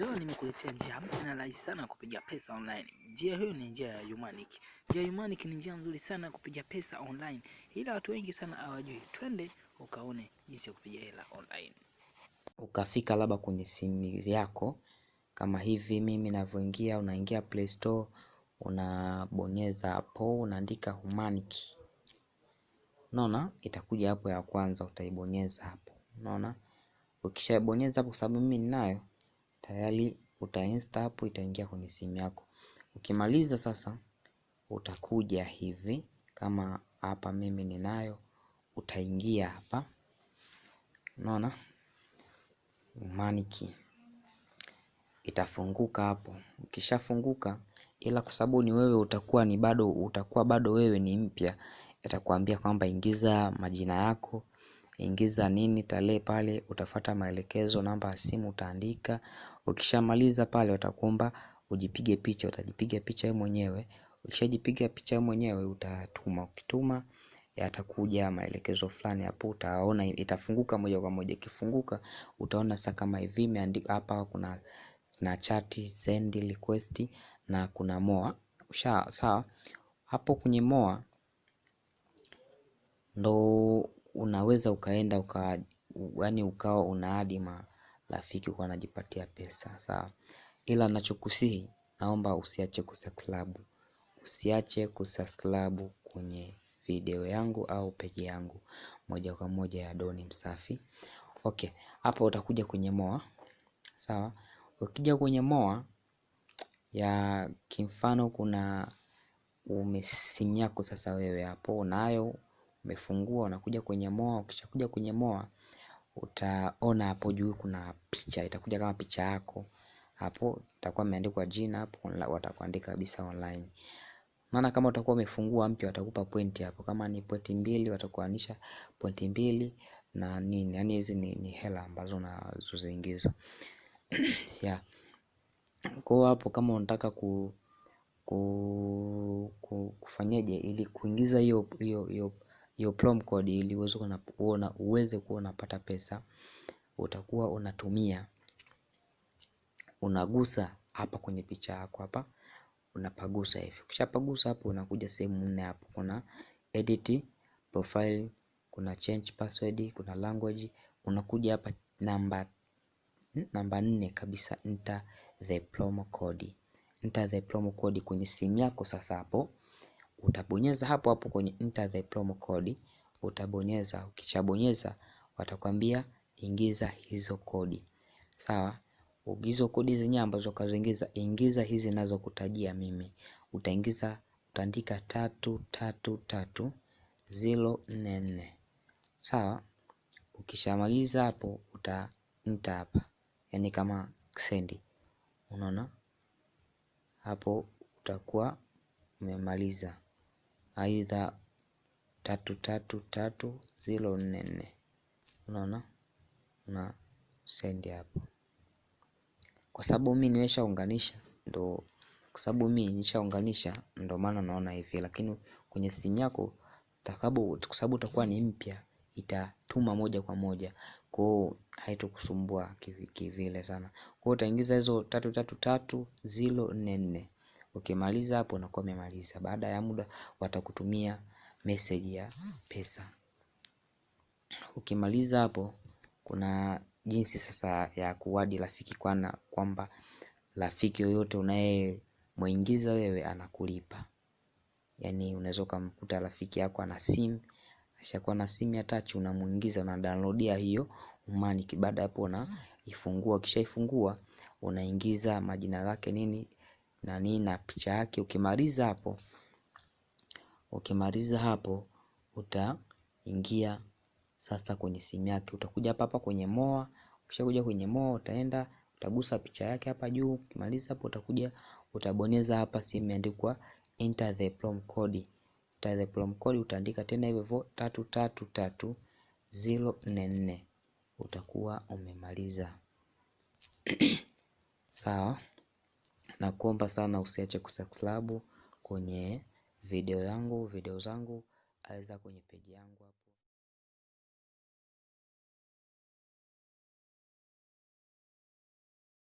Leo nimekuletea njia mpya na rahisi sana kupiga pesa online. Njia hiyo ni njia ya Humanic. Njia ya Humanic ni njia nzuri sana kupiga pesa online, ila watu wengi sana hawajui. Twende ukaone jinsi ya kupiga hela online. Ukafika labda kwenye simu yako kama hivi mimi ninavyoingia, unaingia Play Store, unabonyeza hapo, unaandika Humanic. Unaona itakuja hapo ya kwanza, utaibonyeza hapo. Unaona ukishabonyeza hapo, kwa sababu mimi ninayo tayari utainstall itaingia kwenye simu yako. Ukimaliza sasa, utakuja hivi kama hapa mimi ninayo, utaingia hapa, unaona maniki itafunguka hapo. Ukishafunguka, ila kwa sababu ni wewe utakuwa ni bado utakuwa bado wewe ni mpya, itakuambia kwamba ingiza majina yako ingiza nini tarehe pale, utafata maelekezo, namba ya simu utaandika. Ukishamaliza pale, watakuomba ujipige picha, utajipiga picha wewe mwenyewe. Ukishajipiga picha wewe mwenyewe, utatuma. Ukituma yatakuja maelekezo fulani hapo, utaona itafunguka moja kwa moja. Ikifunguka utaona sasa kama hivi imeandika hapa, kuna na chati, send request na kuna moa. sawa hapo kwenye moa ndo unaweza ukaenda uka, yani ukawa hadi marafiki ukawa unajipatia pesa sawa, ila nachokusihi naomba usiache kusubscribe usiache kusubscribe kwenye video yangu au peji yangu moja kwa moja ya Doni Msafi. Okay, hapa utakuja kwenye moa sawa. Ukija kwenye moa ya kimfano, kuna umesimu yako sasa, wewe hapo unayo umefungua unakuja kwenye moa ukishakuja kwenye moa utaona hapo juu kuna picha, itakuja kama picha yako hapo, itakuwa imeandikwa jina hapo, watakuandika kabisa online. Maana kama utakuwa umefungua mpya watakupa pointi hapo, kama ni pointi mbili watakuanisha pointi mbili na nini, yani hizi ni, ni hela ambazo unazoziingiza yeah. Kwa hapo kama unataka ku, ku, ku, kufanyaje ili kuingiza hiyo hiyo hiyo hiyo prom code ili uweze kuona uweze kuwa unapata pesa, utakuwa unatumia unagusa hapa kwenye picha yako hapa, unapagusa hivi. Ukishapagusa hapo, unakuja sehemu nne hapo, kuna edit profile, kuna change password, kuna language. Unakuja hapa namba hmm, namba nne kabisa, enter the promo code, enter the promo code kwenye simu yako. Sasa hapo utabonyeza hapo hapo kwenye enter the promo code, utabonyeza. Ukishabonyeza watakwambia ingiza hizo kodi, sawa. Ugizo kodi zenyewe ambazo kazoingiza, ingiza hizi nazo kutajia mimi, utaingiza utaandika tatu tatu tatu zero nne nne, sawa. Ukishamaliza hapo uta enter hapa, yani kama send, unaona hapo utakuwa umemaliza aidha tatu tatu tatu zero nne nne. Unaona, una send hapo, kwa sababu mimi nimeshaunganisha ndo, kwa sababu mimi nishaunganisha ndo maana naona hivi, lakini kwenye simu yako takabu, kwa sababu utakuwa ni mpya, itatuma moja kwa moja kwao, haitokusumbua kivile sana. Kwa hiyo utaingiza hizo tatu tatu tatu zero nne nne. Ukimaliza hapo unakuwa umemaliza. Baada ya muda watakutumia message ya pesa. Ukimaliza hapo kuna jinsi sasa ya kuwadi rafiki kwana kwamba rafiki yoyote unayemuingiza wewe anakulipa. Yaani unaweza ukamkuta rafiki yako ana simu akishakuwa na simu ya touch unamuingiza na downloadia hiyo umani kibada hapo na ifungua kisha ifungua unaingiza majina yake nini nani na picha yake. Ukimaliza hapo, ukimaliza hapo utaingia sasa kwenye simu yake, utakuja hapa hapa kwenye moa. Ukishakuja kwenye moa, utaenda utagusa picha yake hapa juu. Ukimaliza hapo, utakuja utabonyeza hapa simu imeandikwa enter the prom code, enter the prom code utaandika tena hivyo hivyo tatu tatu tatu zero nne nne utakuwa umemaliza sawa na kuomba sana usiache kusubscribe kwenye video yangu video zangu, aidha kwenye peji yangu.